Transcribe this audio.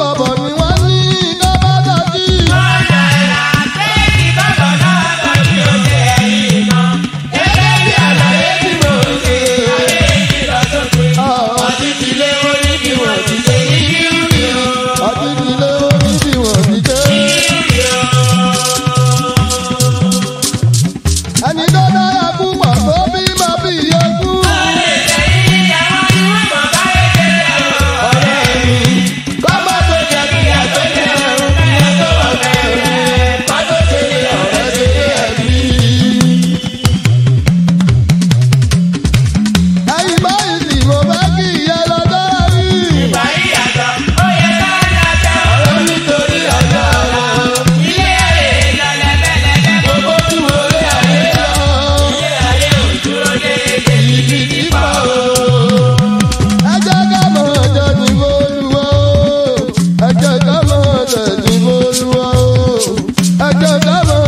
Baba. da da